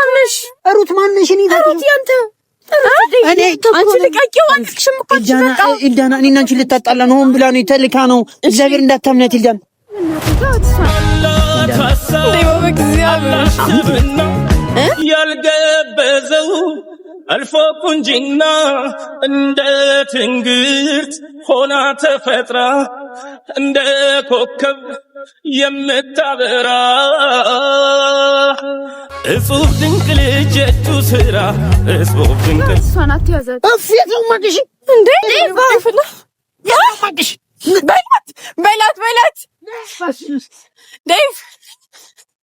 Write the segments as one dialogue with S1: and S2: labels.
S1: ማነሽ?
S2: ሩት ማነሽ? እኔ
S1: ሩት ያንተ እኔ አንቺ ልቀቂው። አንቺሽም እኮ
S2: ኢልዳና፣ እኔና አንቺ ልታጣላ ነው። ሆን ብላ ነው ተልካ ነው። እግዚአብሔር እንዳታምናት ኢልዳና
S3: ያልገበዘው አልፎ ቁንጅና እንደ ትንግርት ሆና ተፈጥራ እንደ ኮከብ የምታበራ እጹብ ድንቅ ልጅ ስራ እጹብ ድንቅ
S1: እሷናት ያዘት
S2: እፍ የተውማቅሽ እንዴ ባይፍላ ያማቅሽ
S1: በላት በላት በላት ዴቭ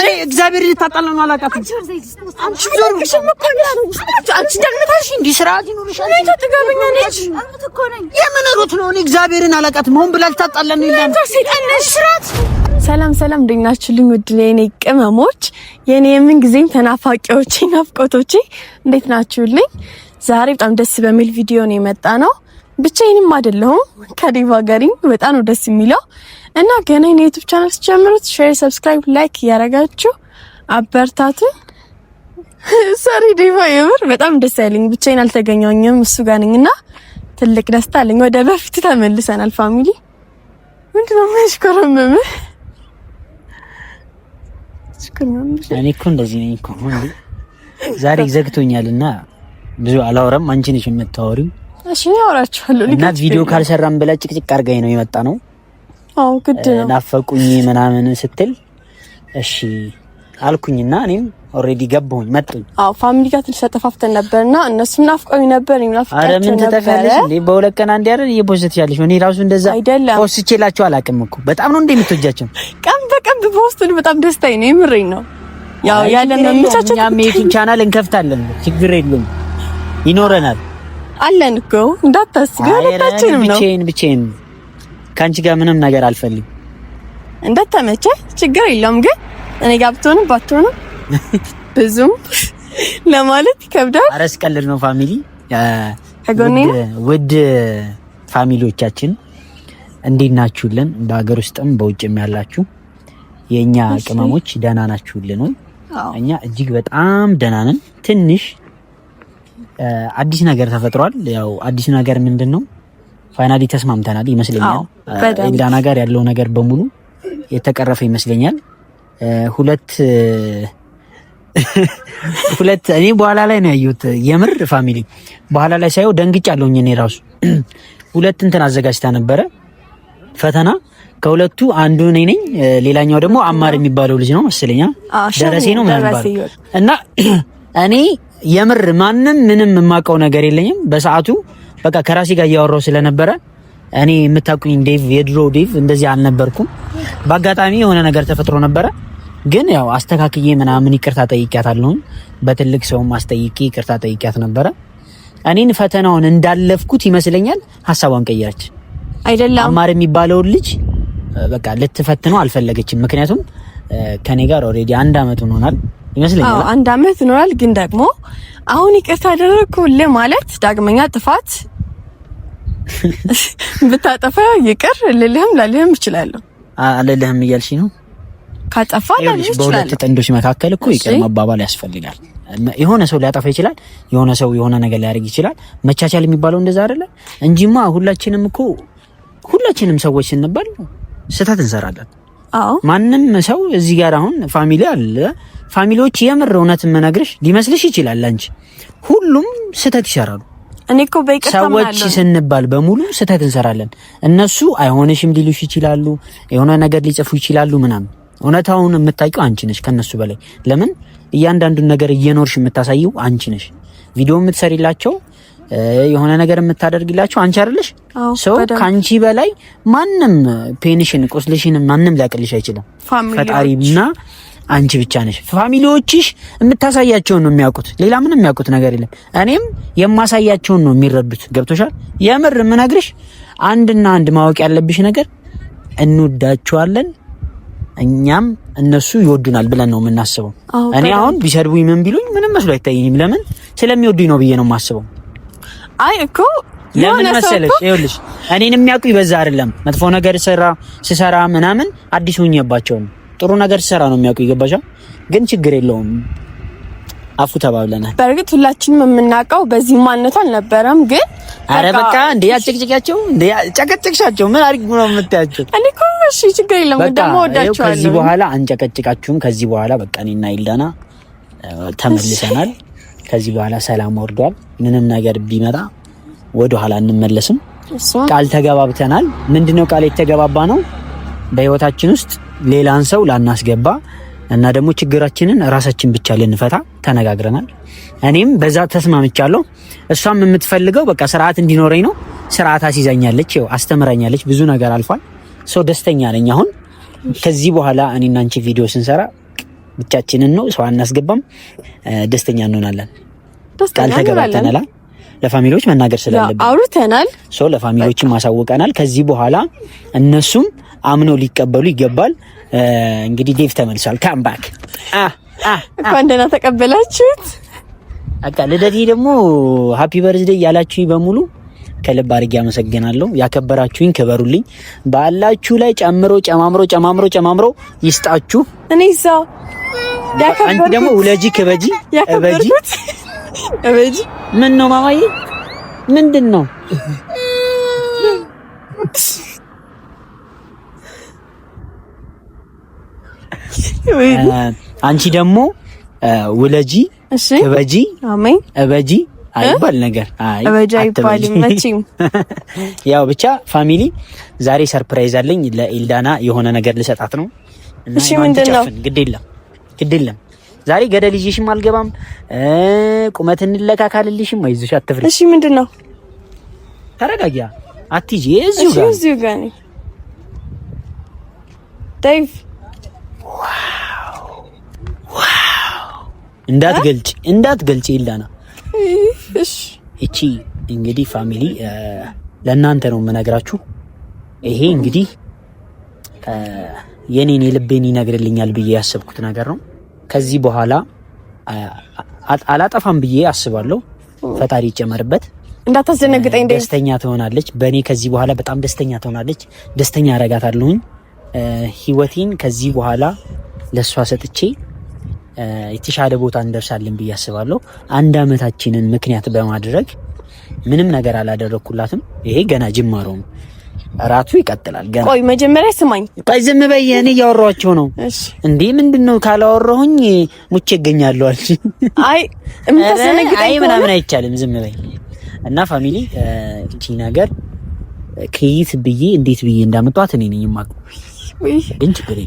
S2: እኔ እግዚአብሔር ልታጣላ ነው አንቺ ነው? እግዚአብሔርን ሆን ብላ
S1: ሰላም ሰላም፣ ናችሁልኝ? ውድ የኔ ቅመሞች፣ የኔ የምን ጊዜም ተናፋቂዎቼ፣ እንዴት ናችሁልኝ? ዛሬ በጣም ደስ በሚል ቪዲዮ ነው የመጣ ነው። ብቻዬንም አይደለሁም ከዴቫ ጋር በጣም ነው ደስ የሚለው እና ገና የዩቲዩብ ቻናል ስጀምሩት ሼር፣ ሰብስክራይብ፣ ላይክ እያረጋችሁ አበርታቱ። ሰሪ ዲቫ የምር በጣም ደስ ያለኝ ብቻዬን አልተገኘሁኝም እሱ ጋር ነኝና ትልቅ ደስታ አለኝ። ወደ በፊት ተመልሰናል። ፋሚሊ ምንድን ነው የሚያሽኮረምም?
S2: እኔ እኮ እንደዚህ ነኝ እኮ ዛሬ ዘግቶኛልና ብዙ አላወራም። አንቺ ነሽ የምታወሪው።
S1: እሺ እኔ አወራችኋለሁ
S2: እና ቪዲዮ ካልሰራም ብላ ጭቅጭቅ አድርጋኝ ነው የመጣ ነው ናፈቁኝ ምናምን ስትል እሺ አልኩኝና እኔም ኦልሬዲ ገባሁኝ መጡኝ።
S1: አዎ ፋሚሊ ጋር ትንሽ ተተፋፍተን ነበርና እነሱም ናፍቀውኝ ነበር። እኔም
S2: ናፍቀውኝ ነበር። ምን ትተፊያለሽ እንዴ? በሁለት ቀን አንዴ አይደል እየፖስትሻለሽ? እኔ ራሱ እንደዛ አይደለም ፖስትቼላችሁ አላውቅም እኮ በጣም ነው የምትወጃቸው?
S1: ቀን በቀን በፖስት በጣም ደስታዬ ነው። የምሬን ነው። ያው ያለ
S2: መመቻቸት እኛም የዩቲዩብ ቻናል እንከፍታለን። ችግር የለውም ይኖረናል።
S1: አለን እኮ እንዳታስቢ።
S2: ሁለታችንም ነው ብቻዬን ብቻዬን ከአንቺ ጋር ምንም ነገር አልፈልግም።
S1: እንደተመቸ ችግር የለውም ግን እኔ ጋር ብትሆንም ባትሆንም ብዙም ለማለት ይከብዳል።
S2: አረስ ቀልድ ነው። ፋሚሊ ውድ ፋሚሊዎቻችን እንዴት ናችሁልን? በሀገር ውስጥም በውጭም ያላችሁ የእኛ ቅመሞች ደህና ናችሁልን እኛ እጅግ በጣም ደህና ነን። ትንሽ አዲስ ነገር ተፈጥሯል። ያው አዲስ ነገር ምንድን ነው? ፋይናሊ ተስማምተናል ይመስለኛል። ኤልዳና ጋር ያለው ነገር በሙሉ የተቀረፈ ይመስለኛል። ሁለት ሁለት እኔ በኋላ ላይ ነው ያየሁት። የምር ፋሚሊ በኋላ ላይ ሳየው ደንግጫለሁኝ። እኔ ራሱ ሁለት እንትን አዘጋጅታ ነበረ ፈተና። ከሁለቱ አንዱ እኔ ነኝ፣ ሌላኛው ደግሞ አማር የሚባለው ልጅ ነው መሰለኛ ደረሴ ነው ምናልባት እና እኔ የምር ማንም ምንም የማውቀው ነገር የለኝም በሰዓቱ በቃ ከራሴ ጋር እያወራው ስለነበረ እኔ የምታውቁኝ ዴቭ፣ የድሮ ዴቭ እንደዚህ አልነበርኩም። በአጋጣሚ የሆነ ነገር ተፈጥሮ ነበረ። ግን ያው አስተካክዬ ምናምን ይቅርታ ጠይቂያታለሁ። በትልቅ ሰውም አስጠይቄ ይቅርታ ጠይቂያት ነበረ። እኔን ፈተናውን እንዳለፍኩት ይመስለኛል ሀሳቧን ቀየረች። አይደለም አማር የሚባለውን ልጅ በቃ ልትፈትነው አልፈለገችም። ምክንያቱም ከኔ ጋር ኦልሬዲ አንድ አመት ሆኖናል ይመስለኛል።
S1: አንድ አመት ሆኖናል። ግን ደግሞ አሁን ይቅርታ አደረግኩልህ ማለት ዳግመኛ ጥፋት ብታጠፋ ይቅር ልልህም ላልህም እችላለሁ።
S2: አልልህም እያልሽ ነው። ካጠፋ ላልህ እችላለሁ። በሁለት ጥንዶች መካከል እኮ ይቅር መባባል ያስፈልጋል። የሆነ ሰው ሊያጠፋ ይችላል። የሆነ ሰው የሆነ ነገር ሊያደርግ ይችላል። መቻቻል የሚባለው እንደዛ አይደለ እንጂማ ሁላችንም እኮ ሁላችንም ሰዎች ስንባል ስህተት እንሰራለን። አዎ ማንም ሰው እዚህ ጋር አሁን ፋሚሊ አለ። ፋሚሊዎች የምር እውነት የምነግርሽ ሊመስልሽ ይችላል አንቺ ሁሉም ስህተት ይሰራሉ። እኔ እኮ ሰዎች ስንባል በሙሉ ስህተት እንሰራለን። እነሱ አይሆንሽም ሊሉሽ ይችላሉ፣ የሆነ ነገር ሊጽፉ ይችላሉ ምናምን። እውነታውን የምታውቂው አንቺ ነሽ ከነሱ በላይ። ለምን እያንዳንዱን ነገር እየኖርሽ የምታሳየው አንቺ ነሽ። ቪዲዮ የምትሰሪላቸው የሆነ ነገር የምታደርግላቸው አንቺ አይደለሽ። ሰው ከአንቺ በላይ ማንም ፔንሽን፣ ቁስልሽን ማንም ሊያቅልሽ አይችልም ፈጣሪና አንቺ ብቻ ነሽ። ፋሚሊዎችሽ የምታሳያቸውን ነው የሚያውቁት፣ ሌላ ምንም የሚያውቁት ነገር የለም። እኔም የማሳያቸውን ነው የሚረዱት። ገብቶሻል? የምር የምነግርሽ አንድና አንድ ማወቅ ያለብሽ ነገር እንወዳቸዋለን እኛም እነሱ ይወዱናል ብለን ነው የምናስበው። እኔ አሁን ቢሰድቡኝ ምን ቢሉኝ ምንም መስሎ አይታየኝም። ለምን ስለሚወዱኝ ነው ብዬ ነው የማስበው። አይ እኮ ለምን መሰለሽ፣ ይኸውልሽ እኔን የሚያውቁ ይበዛ አይደለም መጥፎ ነገር ስራ ስሰራ ምናምን አዲስ ሁኜባቸው ነው ጥሩ ነገር ሲሰራ ነው የሚያውቁ። ይገባሻ? ግን ችግር የለውም አፉ ተባብለናል።
S1: በእርግጥ ሁላችንም የምናውቀው በዚህ ማነቱ አልነበረም። ግን
S2: አረ በቃ እንዴ ያጨቅጭቂያቸው እንዴ ጨቀጭቅሻቸው ምን አድርጊ ነው የምታያቸው?
S1: እኔ እኮ እሺ ችግር የለም
S2: ደግሞ ወዳቸዋለሁ። ከዚህ በኋላ አንጨቀጭቃችሁም። ከዚህ በኋላ በቃ እኔና ይልዳና ተመልሰናል። ከዚህ በኋላ ሰላም ወርዷል። ምንም ነገር ቢመጣ ወደ ኋላ እንመለስም ቃል ተገባብተናል። ምንድነው ቃል የተገባባ ነው በህይወታችን ውስጥ ሌላን ሰው ላናስገባ እና ደግሞ ችግራችንን ራሳችን ብቻ ልንፈታ ተነጋግረናል። እኔም በዛ ተስማምቻለሁ። እሷም የምትፈልገው በቃ ስርዓት እንዲኖረኝ ነው። ስርዓት አስይዛኛለች፣ ው አስተምራኛለች። ብዙ ነገር አልፏል። ሰው ደስተኛ ነኝ። አሁን ከዚህ በኋላ እኔና አንቺ ቪዲዮ ስንሰራ ብቻችንን ነው፣ ሰው አናስገባም። ደስተኛ እንሆናለን። ቃል ተገባተናል። ለፋሚሊዎች መናገር ስላለብን
S1: አውርተናል።
S2: ለፋሚሊዎችም ማሳውቀናል። ከዚህ በኋላ እነሱም አምነው ሊቀበሉ ይገባል። እንግዲህ ዴቭ ተመልሷል። ካም ባክ
S1: እንኳን ደህና ተቀበላችሁት።
S2: በቃ ልደቴ ደግሞ ሀፒ በርዝዴይ ያላችሁኝ በሙሉ ከልብ አድርጌ አመሰግናለሁ። ያከበራችሁኝ ክበሩልኝ። ባላችሁ ላይ ጨምሮ ጨማምሮ ጨማምሮ ጨማምሮ ይስጣችሁ። እኔ ሰው አንቺ ደግሞ ውለጂ ክበጂ
S1: እበጂ እበጂ።
S2: ምን ነው ማማዬ፣ ምንድን ነው? አንቺ ደግሞ ውለጂ፣ እበጂ፣ እበጂ አይባል ነገር ያው ብቻ ፋሚሊ ዛሬ ሰርፕራይዝ አለኝ ለኤልዳና የሆነ ነገር ልሰጣት ነው።
S1: እሺ ምንድን ነው?
S2: ግድ የለም ግድ የለም። ዛሬ ገደል ይዤሽም አልገባም። ቁመት እንለካካልልሽም። ካልልሽም አይዞሽ አትፍሪ። እሺ ምንድን ነው? ተረጋጊያ አትጂ እዚሁ
S1: ጋር እዚሁ ጋር ዳይቭ
S2: እንዳትገልጭ እንዳትገልጭ ይላና እቺ እንግዲህ ፋሚሊ ለእናንተ ነው የምነግራችሁ። ይሄ እንግዲህ የኔን የልቤን ይነግርልኛል ብዬ ያሰብኩት ነገር ነው። ከዚህ በኋላ አላጠፋም ብዬ አስባለሁ። ፈጣሪ ይጨመርበት።
S1: እንዳታስደነግጠኝ።
S2: ደስተኛ ትሆናለች በእኔ ከዚህ በኋላ በጣም ደስተኛ ትሆናለች። ደስተኛ አረጋታለሁኝ። ህይወቴን ከዚህ በኋላ ለእሷ ሰጥቼ የተሻለ ቦታ እንደርሳለን ብዬ አስባለሁ። አንድ አመታችንን ምክንያት በማድረግ ምንም ነገር አላደረግኩላትም። ይሄ ገና ጅማሮ ነው። እራቱ ይቀጥላል።
S1: ገና ቆይ መጀመሪያ ስማኝ፣
S2: ቆይ ዝም በይ። እኔ እያወራኋቸው ነው እንዴ። ምንድን ነው ካላወራሁኝ ሙቼ እገኛለሁ አልሽ።
S1: አይ አይ
S2: ምናምን አይቻልም፣ ዝም በይ እና ፋሚሊ እቺ ነገር ከየት ብዬ እንዴት ብዬ እንዳመጧት እኔ ነኝ የማውቀው። ግን ችግር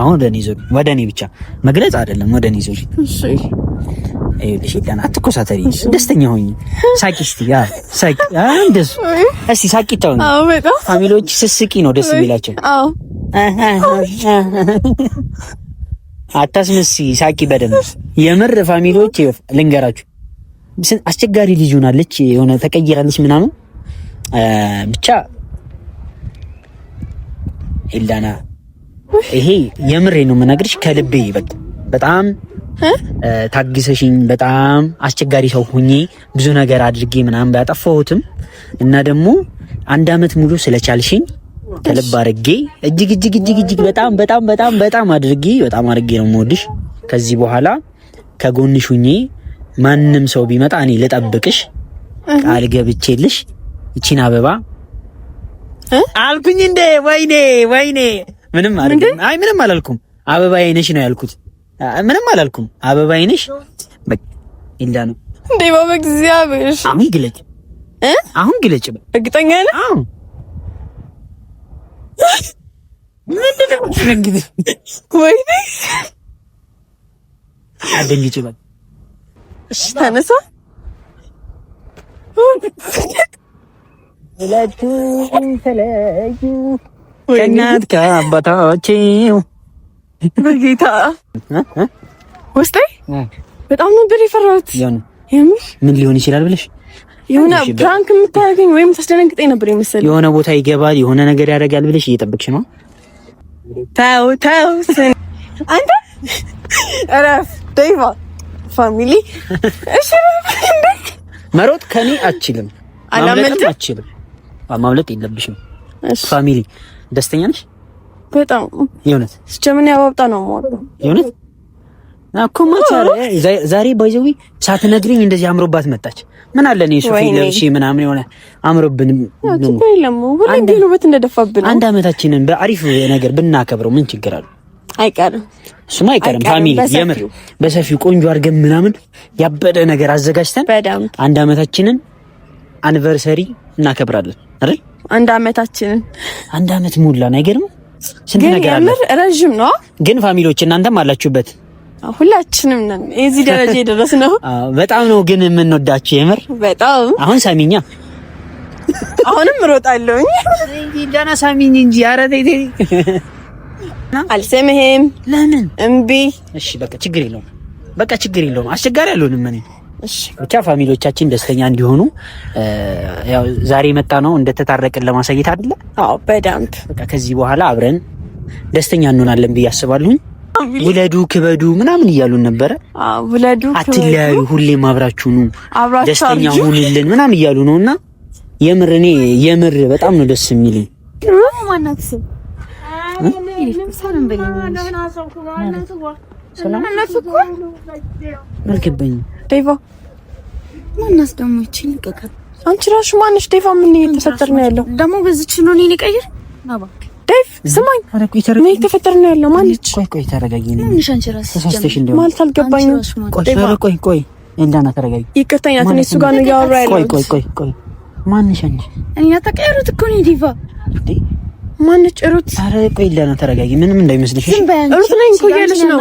S2: አሁን ወደ እኔ ወደ እኔ ብቻ መግለጽ አይደለም፣ ወደ እኔ
S1: ይኸውልሽ
S2: አትኮሳተሪ፣ ደስተኛ ሆኝ ሳቂ። ሳቂ፣ እንደሱ ሳቂ። ፋሚሊዎች ስስቂ ነው ደስ የሚላቸው። አታስመሲ፣ ሳቂ በደንብ የምር ፋሚሊዎች ልንገራችሁ፣ አስቸጋሪ ልጅ ሆናለች፣ የሆነ ተቀይራለች ምናምን ብቻ ኤላና ይሄ የምሬ ነው የምነግርሽ ከልቤ በቃ በጣም ታግሰሽኝ በጣም አስቸጋሪ ሰው ሁኜ ብዙ ነገር አድርጌ ምናምን ባጠፋሁትም እና ደግሞ አንድ አመት ሙሉ ስለቻልሽኝ ከልብ አድርጌ እጅግ እጅግ እጅግ እጅግ በጣም በጣም በጣም በጣም አድርጌ በጣም አድርጌ ነው የምወድሽ። ከዚህ በኋላ ከጎንሽ ሁኜ ማንም ሰው ቢመጣ እኔ ልጠብቅሽ ቃል ገብቼልሽ ይቺን አበባ አልኩኝ እንዴ! ወይኔ ወይኔ! ምንም አይደለም። አይ ምንም አላልኩም። አበባዬ ነሽ ነው ያልኩት። ምንም አላልኩም። አበባዬ ነሽ በቃ ይላ ነው
S1: እንዴ! በእግዚአብሔር አሁን ግለጭ እ አሁን ግለጭ። እርግጠኛ
S2: ነህ? አዎ። ምንድን ወይኔ አደንግጭ ሁለቱም ተለዩ ከእናት
S1: በጌታ ውስጤ በጣም ነበር የፈራሁት።
S2: ምን ሊሆን ይችላል ብለሽ
S1: የሆነ ፕራንክ የምታደርገኝ ወይም ታስደነግጠኝ ነበር የመሰለኝ።
S2: የሆነ ቦታ ይገባል፣ የሆነ ነገር ያደርጋል ብለሽ እየጠበቅሽ ነው።
S1: ተው ተው፣ አንተ እረፍ። ፋሚሊ
S2: መሮጥ ከኔ አችልም፣ አላመልጥም አችልም ማምለጥ የለብሽም። ፋሚሊ ደስተኛ ነሽ? በጣም የእውነት
S1: ስጀምን ያባብጣ ነው ማለት
S2: የእውነት እኮ ዛሬ ባይዘዊ ሳትነግሪኝ እንደዚህ አምሮባት መጣች። ምን አለ ነው ሱፊ ለብሼ ምናምን የሆነ አምሮብን እንደደፋብን አንድ አመታችንን በአሪፍ ነገር ብናከብረው ምን ችግር አለ? አይቀርም፣ እሱማ አይቀርም። ፋሚሊ የምር በሰፊው ቆንጆ አድርገን ምናምን ያበደ ነገር አዘጋጅተን አንድ አመታችንን አኒቨርሰሪ እናከብራለን። አይደል?
S1: አንድ አመታችንን
S2: አንድ አመት ሙላን። አይገርም?
S1: ስንት ነገር አለ። ግን ረዥም ነው
S2: ግን ፋሚሊዎች፣ እናንተም አላችሁበት።
S1: ሁላችንም ነን የዚህ ደረጃ የደረስነው።
S2: በጣም ነው ግን የምንወዳችሁ የምር በጣም አሁን ሳሚኛ
S1: አሁንም እሮጣለሁኝ ዳና ሳሚኝ እንጂ ኧረ ተይ ተይ አልሰምህም ለምን እምቢ
S2: እሺ በቃ ችግር የለውም በቃ ችግር የለውም አስቸጋሪ አልሆንም እኔ ብቻ ፋሚሊዎቻችን ደስተኛ እንዲሆኑ ያው ዛሬ መጣ ነው እንደተታረቅን ለማሳየት አይደለ?
S1: አዎ በደንብ
S2: በቃ ከዚህ በኋላ አብረን ደስተኛ እንሆናለን ብዬ አስባለሁኝ። ውለዱ ክበዱ ምናምን እያሉን ነበረ። ውለዱ አትለያዩ፣ ሁሌም አብራችሁኑ ደስተኛ ሁንልን ምናምን እያሉ ነው እና የምር እኔ የምር በጣም ነው ደስ የሚልኝ። ማናት አልገባኝም።
S1: ዴቫ ማናስ ደግሞ ይቺን ልቀቀት። አንቺ ራሱ ማነሽ ዴቫ? ምን እየተፈጠረ ነው ያለው?
S2: ደግሞ በዚች ነው እኔ ልቀይር።
S1: ዴቭ ስማኝ፣ ምን እየተፈጠረ ነው ያለው? ማለች
S2: ቆይ ቆይ፣ ተረጋጊ።
S1: ማለት አልገባኝም።
S2: ቆይ ቆይ፣ ተረጋጊ።
S1: ይቅርታ፣ እኔ እሱ ጋር ነው እያወራ
S2: ያለው። ቆይ ቆይ ቆይ፣ ማንሽ አንቺ?
S1: እኔ ተቀየሩት እኮ ነው ዴቫ ማነች ሩት?
S2: አረ ቆይ ለና ተረጋጊ። ምንም እንዳይመስልሽ
S1: ሩት ነኝ እኮ እያለች ነው።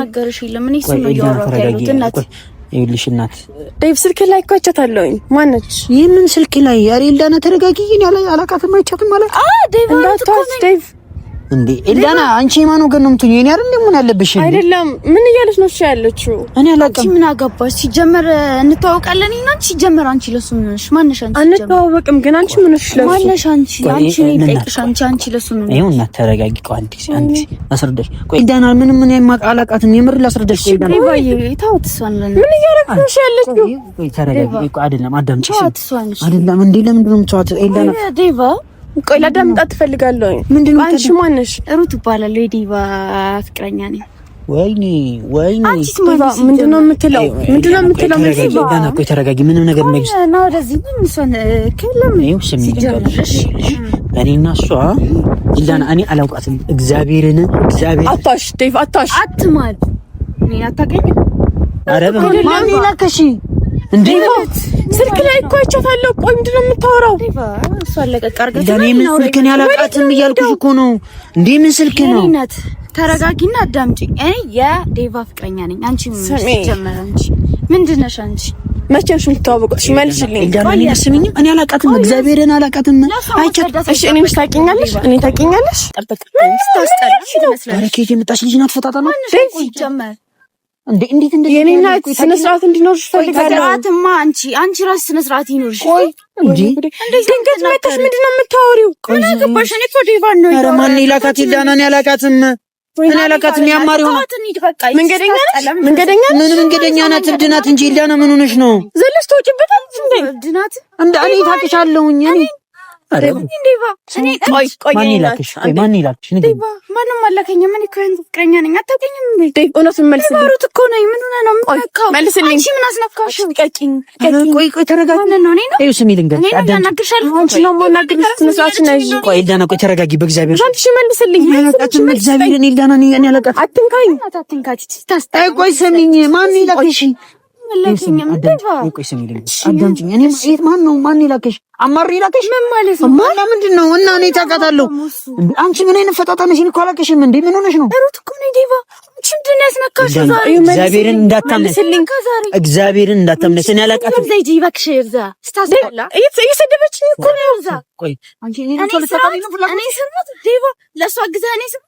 S2: ይኸውልሽ እናት
S1: ዴቭ ስልክ ላይ እኮ አይቻታለሁኝ። ማነች?
S2: ይህ ምን ስልክ ላይ? አረ ለና ተረጋጊ። አላቃትም አይቻትም ማለት እንዴ ኤልዳና፣ አንቺ ማኑ ወገን ነው የምትሆኚው? እኔ አይደል ምን ያለብሽ?
S1: አይደለም ምን እያለች ነው ያለችው? እኔ አላውቅም። ምን አገባሽ? ሲጀመር እንተዋወቃለን እና አንቺ ሲጀመር አንቺ ለሱ ምን ነሽ? ማነሽ አንቺ? አንተዋወቅም፣ ግን አንቺ ምን ነሽ? ለሱ ማነሽ? አንቺ አንቺ ነው ጠይቅሽ። አንቺ አንቺ ለሱ ምን
S2: ሆነሽ? እና ተረጋጊ። ቆይ አንቺ አንቺ አስረዳሽ። ቆይ ኤልዳና፣ ምን ምን አላውቃትም። የምር ላስረዳሽ።
S1: ቆይ ኤልዳና፣ ቆይ ተዋት። እሷን ምን እያደረግሽ ነው ያለችው?
S2: ቆይ ተረጋጊ። ቆይ አይደለም አዳምጪ። አይደለም እንዴ ለምንድን ነው የምትዋት ኤልዳና?
S1: ዴቫ ቆይ ላዳምጣት ትፈልጋለሁ። ምንድን ነው አንቺ? ማነሽ? ሩት እባላለሁ። የዲባ ፍቅረኛ ነኝ።
S2: ወይኔ ወይኔ፣
S1: ተረጋጊ። ምንም ነገር
S2: እኔና እሷ ኢላና እኔ አላውቃትም። እግዚአብሔርን
S1: እግዚአብሔር አታሽ እንዴ ስልክ ላይ እኮ አይቻታለሁ። ቆይ ምንድን ነው የምታወራው?
S2: ለእኔ ምን ስልክን ያላቃትም እያልኩሽ እኮ ነው። እንዴ ምን ስልክ ነው?
S1: ተረጋጊና አዳምጪኝ። እኔ የዴቫ ፍቅረኛ ነኝ። አንቺ ምንድን ነሽ? አንቺ መቼ ነሽ የምትተዋወቁት? መልሽልኝ።
S2: እኔ አላቃትም፣ እግዚአብሔርን አላቃትም።
S1: እሺ እኔ ምን ታውቂኛለሽ? እኔ ታውቂኛለሽ። ጠበቅ ምን ታስጠላሽ?
S2: ልጅ ናት። ፈጣጣ ነው ጀመር እንዴ እንዴት እንዴ
S1: የኔ እናት ስነ ስርዓት እንዲኖርሽ ፈልጋለሁ። ስርዓትማ አንቺ አንቺ ራስሽ ስነ ስርዓት ይኖርሽ።
S2: ቆይ እንዴ
S1: ድንገት መጣሽ? ምንድን ነው የምታወሪው? ምን አገባሽ? እኔ እኮ ዴቫ
S2: ነው። ኧረ ማን ይላካት? ይዳናን ያላቃትም ምን ያላቃትም ያማሪው
S1: መንገደኛ መንገደኛ
S2: ምን መንገደኛ ናት? እብድ ናት እንጂ ይዳና ምን ሆነሽ ነው
S1: ዘለሽ ተውጭበታል እንዴ እኔ እኔ
S2: ማን ይላክሽ? ተረጋጊ። በእግዚአብሔር ቆይ ስሚኝ፣ ማን ይላክሽ? አልፈለገኝም። ማን ነው ማን ይላከሽ? አማር ይላከሽ? ምን ማለት ነው? ምንድን ነው? እና እኔ ታውቃታለሁ። አንቺ ምን አይነት ፈጣጣ ነሽ? እኮ አላከሽም እንዴ? ምን ሆነሽ ነው?
S1: ሩት እኮ ነው ዴቫ። አንቺ ምንድን ነው ያስነካሽ?
S2: ዛሬ እግዚአብሔርን እንዳታምነሽ፣ እግዚአብሔርን እንዳታምነሽ።
S1: እኔ አላውቃትም። ዘይጂ ይባክሽ እዛ ስታስበላ እየሰደበችኝ እኮ ነው። እዛ ቆይ አንቺ እኔ ነው ተጣጣሚ ነው ፍላጎት እኔ ስርት ዴቫ ለሷ ግዛ እኔ ስርት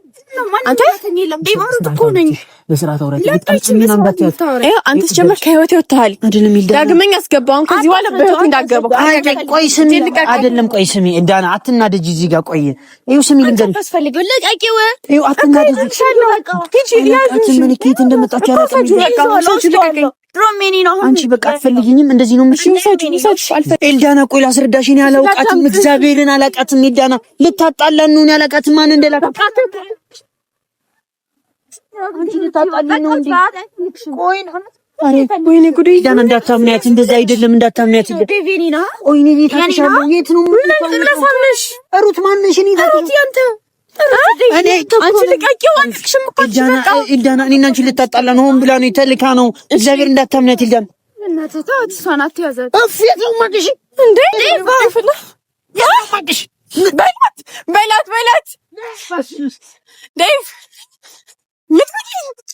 S1: አንተ ዲቫ ሩት እኮ ነኝ በስርዓት አውራት። አንተስ ጀመር ከህይወት ይወጣል። ዳግመኛ አስገባውን ከዚህ በኋላ በህይወት እንዳገባው
S2: ቆይ ስሚ፣ አይደለም ቆይ ስሚ፣ እንዳና አትናደጂ። እዚህ ጋር ቆይ ይኸው ስሚ፣ ልንገርሽ አንቺ በቃ አትፈልጊኝም፣ እንደዚህ ነው ኤልዳና። ቆይ ላስረዳሽ፣ እኔ አላውቃትም፣ እግዚአብሔርን አላውቃትም። ኤልዳና ልታጣላን ነው፣ እኔ አላውቃትም ማን እንደላካ ወይኔ ጉዴ ዳና እንዳታምናያት፣ እንደዛ አይደለም እንዳታምናያት። የት ነው ሩት ማነሽ? ዳና እኔና አንቺ ልታጣላ ነው። ሆን ብላ ነው፣ ተልካ ነው። እግዚአብሔር እንዳታምናያት ይልዳን።
S1: нет